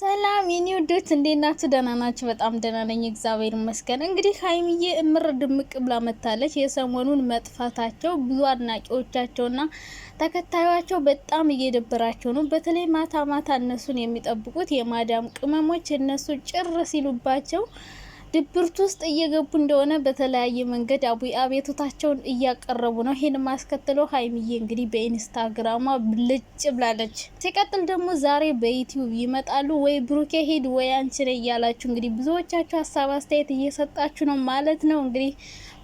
ሰላም የኔ ውዶች እንዴት ናችሁ? ደህና ናችሁ? በጣም ደህና ነኝ፣ እግዚአብሔር ይመስገን። እንግዲህ ሀይሚዬ እምር ድምቅ ብላ መታለች። የሰሞኑን መጥፋታቸው ብዙ አድናቂዎቻቸውና ተከታዮቻቸው በጣም እየደበራቸው ነው። በተለይ ማታ ማታ እነሱን የሚጠብቁት የማዳም ቅመሞች እነሱ ጭር ሲሉባቸው ድብርት ውስጥ እየገቡ እንደሆነ በተለያየ መንገድ አቡ አቤቱታቸውን እያቀረቡ ነው። ይህን ማስከትሎ ሀይሚዬ እንግዲህ በኢንስታግራሟ ብልጭ ብላለች። ሲቀጥል ደግሞ ዛሬ በዩቲዩብ ይመጣሉ ወይ ብሩኬ ሂድ ወይ አንቺ እያላችሁ እንግዲህ ብዙዎቻችሁ ሀሳብ አስተያየት እየሰጣችሁ ነው ማለት ነው እንግዲህ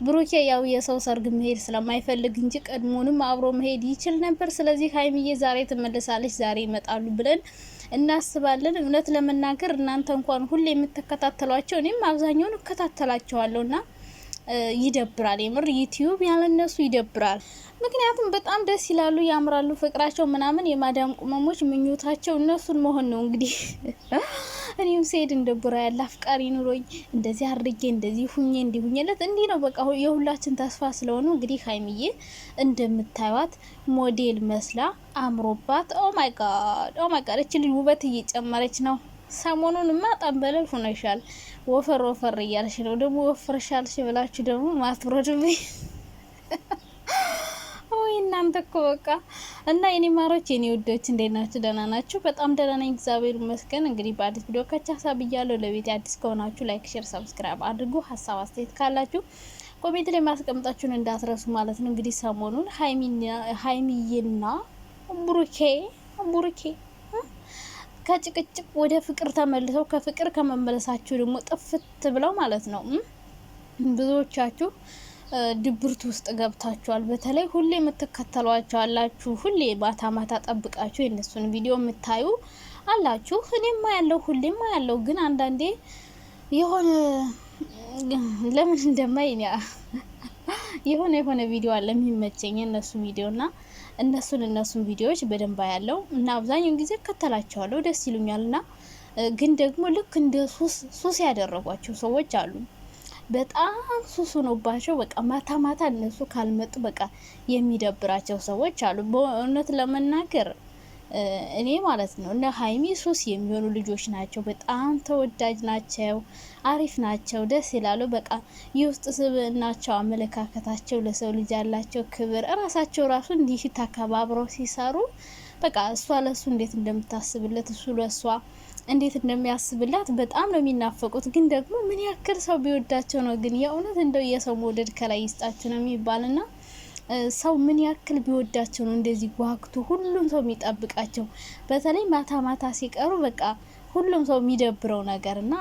ብሩኬ ያው የሰው ሰርግ መሄድ ስለማይፈልግ እንጂ ቀድሞንም አብሮ መሄድ ይችል ነበር። ስለዚህ ሀይሚዬ ዛሬ ትመልሳለች፣ ዛሬ ይመጣሉ ብለን እናስባለን። እውነት ለመናገር እናንተ እንኳን ሁሌ የምትከታተሏቸው እኔም አብዛኛውን እከታተላቸዋለሁ እና ይደብራል። የምር ዩቲዩብ ያለነሱ ይደብራል። ምክንያቱም በጣም ደስ ይላሉ፣ ያምራሉ፣ ፍቅራቸው ምናምን የማዳም ቅመሞች ምኞታቸው እነሱን መሆን ነው እንግዲህ እኔም ስሄድ እንደ ቡራ ያለ አፍቃሪ ኑሮኝ እንደዚህ አድርጌ እንደዚህ ሁኜ እንዲህ ሁኜለት እንዲህ ነው በቃ የሁላችን ተስፋ ስለሆኑ እንግዲህ ሀይሚዬ እንደምታዩት ሞዴል መስላ አምሮባት ኦ ማይ ጋድ ኦ ማይ ጋድ እች ልጅ ውበት እየጨመረች ነው። ሰሞኑን ማ ጠንበለል ሆነሻል። ወፈር ወፈር እያልሽ ነው ደግሞ ወፈርሻልሽ ብላችሁ ደግሞ ማትብረድብኝ ሰላም ተኮ በቃ እና የኔ ማሮች የኔ ውዶች እንዴት ናችሁ? ደህና ናችሁ? በጣም ደህና ነኝ እግዚአብሔር ይመስገን። እንግዲህ በአዲስ ቪዲዮ ከቻ ሀሳብ እያለሁ ለቤት አዲስ ከሆናችሁ ላይክ፣ ሼር፣ ሰብስክራይብ አድርጉ። ሀሳብ አስተያየት ካላችሁ ኮሜንት ላይ ማስቀምጣችሁን እንዳትረሱ ማለት ነው። እንግዲህ ሰሞኑን ሀይሚዬና ቡሩኬ ቡሩኬ ከጭቅጭቅ ወደ ፍቅር ተመልሰው ከፍቅር ከመመለሳችሁ ደግሞ ጥፍት ብለው ማለት ነው ብዙዎቻችሁ ድብርት ውስጥ ገብታችኋል። በተለይ ሁሌ የምትከተሏቸው አላችሁ። ሁሌ ማታ ማታ ጠብቃችሁ የእነሱን ቪዲዮ የምታዩ አላችሁ። እኔማ ያለው ሁሌማ ያለው ግን አንዳንዴ የሆነ ለምን እንደማይ የሆነ የሆነ ቪዲዮ አለ የሚመቸኝ የእነሱ ቪዲዮ ና እነሱን እነሱን ቪዲዮዎች በደንብ ያለው እና አብዛኛውን ጊዜ እከተላቸዋለሁ ደስ ይሉኛል። ና ግን ደግሞ ልክ እንደ ሱስ ሱስ ያደረጓቸው ሰዎች አሉ። በጣም ሱሱ ነባቸው። በቃ ማታ ማታ እነሱ ካልመጡ በቃ የሚደብራቸው ሰዎች አሉ። በእውነት ለመናገር እኔ ማለት ነው እነ ሀይሚ ሱስ የሚሆኑ ልጆች ናቸው። በጣም ተወዳጅ ናቸው፣ አሪፍ ናቸው፣ ደስ ይላሉ። በቃ የውስጥ ስብዕናቸው፣ አመለካከታቸው፣ ለሰው ልጅ ያላቸው ክብር፣ እራሳቸው ራሱ እንዲህ ተከባብረው ሲሰሩ በቃ እሷ ለእሱ እንዴት እንደምታስብለት እሱ ለእሷ እንዴት እንደሚያስብላት በጣም ነው የሚናፈቁት። ግን ደግሞ ምን ያክል ሰው ቢወዳቸው ነው ግን የእውነት እንደው የሰው መውደድ ከላይ ይስጣችሁ ነው ና ሰው ምን ያክል ቢወዳቸው ነው እንደዚህ ጓግቶ ሁሉም ሰው የሚጠብቃቸው። በተለይ ማታ ማታ ሲቀሩ በቃ ሁሉም ሰው የሚደብረው ነገር እና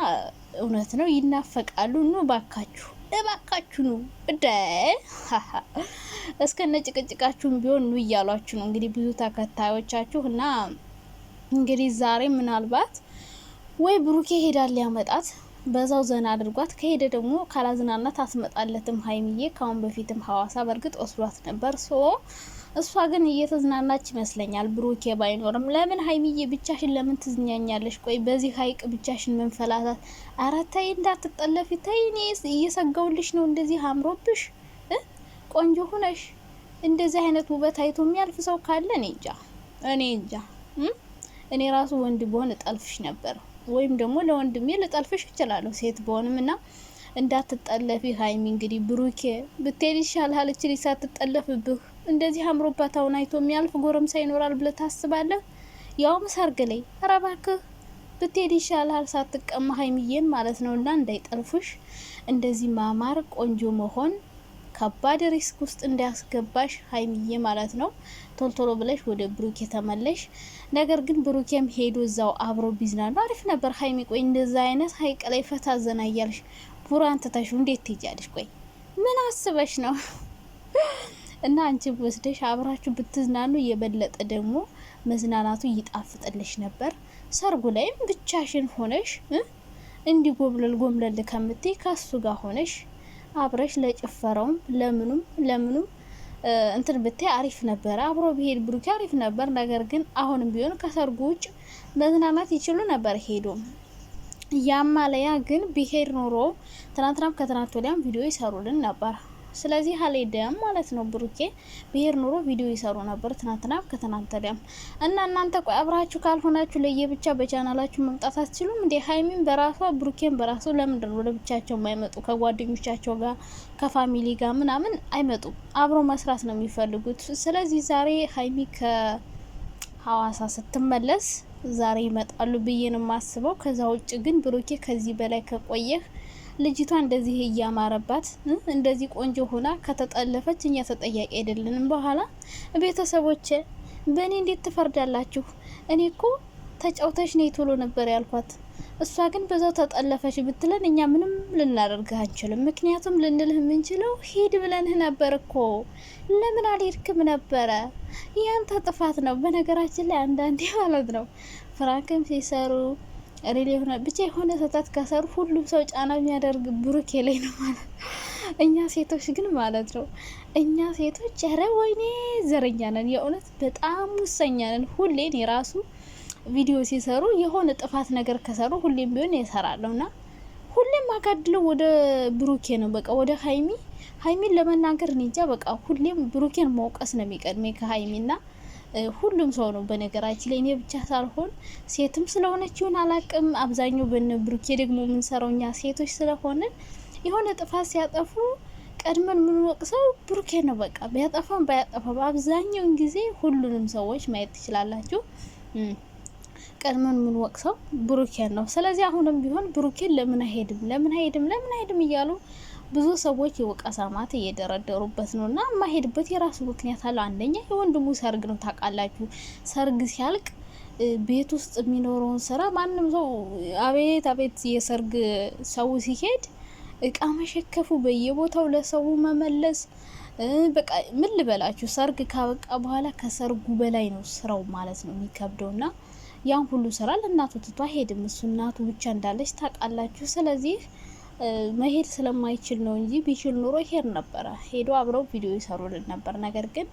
እውነት ነው ይናፈቃሉ። ኑ ባካችሁ እባካችሁ ኑ እደ እስከነ ጭቅጭቃችሁም ቢሆን ኑ እያሏችሁ ነው እንግዲህ ብዙ ተከታዮቻችሁ እና እንግዲህ ዛሬ ምናልባት ወይ ብሩኬ ሄዳል ሊያመጣት በዛው ዘና አድርጓት ከሄደ ደግሞ ካላዝናናት አስመጣለትም። ሀይሚዬ ካሁን በፊትም ሀዋሳ በእርግጥ ወስዷት ነበር። ሶ እሷ ግን እየተዝናናች ይመስለኛል ብሩኬ ባይኖርም። ለምን ሀይሚዬ ብቻሽን ለምን ትዝኛኛለሽ? ቆይ በዚህ ሀይቅ ብቻሽን መንፈላታት። አረ ተይ እንዳትጠለፊ ተይ። እኔ እየሰጋውልሽ ነው። እንደዚህ አምሮብሽ ቆንጆ ሁነሽ እንደዚህ አይነት ውበት አይቶ የሚያልፍ ሰው ካለ እኔ እንጃ እኔ እንጃ። እኔ ራሱ ወንድ በሆን እጠልፍሽ ነበር። ወይም ደግሞ ለወንድሜ ልጠልፍሽ እችላለሁ ሴት በሆንም እና እንዳትጠለፊ ሀይሚ እንግዲህ ብሩኬ ብትሄድ ይሻልሃል። እችል ሳትጠለፍብህ እንደዚህ አምሮባት አሁን አይቶ የሚያልፍ ጎረምሳ ይኖራል ብለህ ታስባለህ? ያውም ሰርግ ላይ ኧረ ብትሄድ ይሻልሃል ሳትቀማ ሀይሚዬን ማለት ነው። እና እንዳይጠልፉሽ እንደዚህ ማማር ቆንጆ መሆን ከባድ ሪስክ ውስጥ እንዳያስገባሽ ሀይሚዬ ማለት ነው። ቶልቶሎ ብለሽ ወደ ብሩኬ ተመለሽ። ነገር ግን ብሩኬም ሄዶ እዛው አብሮ ቢዝናኑ አሪፍ ነበር። ሀይሚ ቆይ እንደዛ አይነት ሀይቅ ላይ ፈታ ዘና እያልሽ ቡራን ትተሽ እንዴት ትሄጃለሽ? ቆይ ምን አስበሽ ነው? እና አንቺ ወስደሽ አብራችሁ ብትዝናኑ የበለጠ ደግሞ መዝናናቱ ይጣፍጥልሽ ነበር። ሰርጉ ላይም ብቻሽን ሆነሽ እንዲህ ጎብለል ጎምለል ከምትይ ከሱ ጋር ሆነሽ አብረሽ ለጭፈራው ለምኑም ለምኑም እንትን ብታይ አሪፍ ነበር አብሮ ቢሄድ ብሩኬ አሪፍ ነበር። ነገር ግን አሁንም ቢሆን ከሰርጉ ውጭ መዝናናት ይችሉ ነበር ሄዶ ያማለያ ግን ቢሄድ ኖሮ ትናንትናም ከትናንት ወዲያም ቪዲዮ ይሰሩልን ነበር። ስለዚህ አልሄደም ማለት ነው። ብሩኬ ብሄር ኑሮ ቪዲዮ ይሰሩ ነበር ትናንትና ከትናንት ደም እና እናንተ ቆይ አብራችሁ ካልሆናችሁ ለየብቻ በቻናላችሁ መምጣት አትችሉም እንዴ? ሀይሚን በራሷ ብሩኬን በራሱ ለምንድን ነው ለብቻቸው የማይመጡ? ከጓደኞቻቸው ጋር ከፋሚሊ ጋር ምናምን አይመጡም። አብሮ መስራት ነው የሚፈልጉት። ስለዚህ ዛሬ ሀይሚ ከሀዋሳ ስትመለስ ዛሬ ይመጣሉ ብዬ ነው የማስበው። ከዛ ውጭ ግን ብሩኬ ከዚህ በላይ ከቆየህ ልጅቷ እንደዚህ እያማረባት እንደዚህ ቆንጆ ሆና ከተጠለፈች እኛ ተጠያቂ አይደለንም። በኋላ ቤተሰቦች በእኔ እንዴት ትፈርዳላችሁ? እኔ እኮ ተጫውተሽ ነይ ቶሎ ነበር ያልኳት። እሷ ግን በዛው ተጠለፈች ብትለን እኛ ምንም ልናደርግ አንችልም። ምክንያቱም ልንልህ የምንችለው ሂድ ብለንህ ነበር እኮ ለምን አልሄድክም ነበረ? ያንተ ጥፋት ነው። በነገራችን ላይ አንዳንዴ ማለት ነው ፍራንክም ሲሰሩ ሬሌ የሆነ ብቻ የሆነ ስህተት ከሰሩ ሁሉም ሰው ጫና የሚያደርግ ብሩኬ ላይ ነው ማለት እኛ ሴቶች ግን ማለት ነው እኛ ሴቶች ኧረ ወይኔ ዘረኛ ነን፣ የእውነት በጣም ውሰኛ ነን። ሁሌን የራሱ ቪዲዮ ሲሰሩ የሆነ ጥፋት ነገር ከሰሩ ሁሌም ቢሆን የሰራለሁ ና ሁሌም አጋድለው ወደ ብሩኬ ነው በቃ ወደ ሀይሚ ሀይሚን ለመናገር እኔ እንጃ በቃ ሁሌም ብሩኬን መውቀስ ነው የሚቀድሜ ና ሁሉም ሰው ነው። በነገራችን ላይ እኔ ብቻ ሳልሆን ሴትም ስለሆነች ይሁን አላቅም፣ አብዛኛው በነ ብሩኬ ደግሞ የምንሰራው እኛ ሴቶች ስለሆንን የሆነ ጥፋት ሲያጠፉ ቀድመን የምንወቅሰው ብሩኬ ነው። በቃ ቢያጠፋም ባያጠፋም አብዛኛውን ጊዜ ሁሉንም ሰዎች ማየት ትችላላችሁ ቀድመን የምንወቅሰው ብሩኬን ነው። ስለዚህ አሁንም ቢሆን ብሩኬን ለምን አይሄድም ለምን አይሄድም ለምን አይሄድም እያሉ ብዙ ሰዎች የወቀሳ ማት እየደረደሩበት ነው እና የማሄድበት የራሱ ምክንያት አለው። አንደኛ የወንድሙ ሰርግ ነው። ታውቃላችሁ፣ ሰርግ ሲያልቅ ቤት ውስጥ የሚኖረውን ስራ ማንም ሰው አቤት አቤት፣ የሰርግ ሰው ሲሄድ እቃ መሸከፉ፣ በየቦታው ለሰው መመለስ በቃ ምን ልበላችሁ፣ ሰርግ ካበቃ በኋላ ከሰርጉ በላይ ነው ስራው ማለት ነው የሚከብደው እና ያን ሁሉ ስራ ለእናቱ ትቷ ሄድም እሱ እናቱ ብቻ እንዳለች ታውቃላችሁ። ስለዚህ መሄድ ስለማይችል ነው እንጂ ቢችል ኑሮ ሄድ ነበረ። ሄዶ አብረው ቪዲዮ ይሰሩልን ነበር። ነገር ግን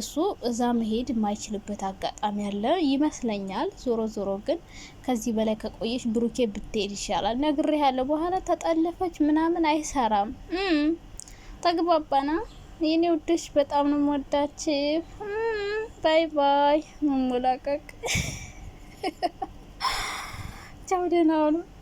እሱ እዛ መሄድ የማይችልበት አጋጣሚ ያለ ይመስለኛል። ዞሮ ዞሮ ግን ከዚህ በላይ ከቆየች ብሩኬ ብትሄድ ይሻላል። ነግሬ ያለ በኋላ ተጠለፈች ምናምን አይሰራም። ተግባባና የኔ ውድሽ በጣም ነው የምወዳችሁ። ባይ ባይ። መሞላቀቅ ቻው፣ ደህና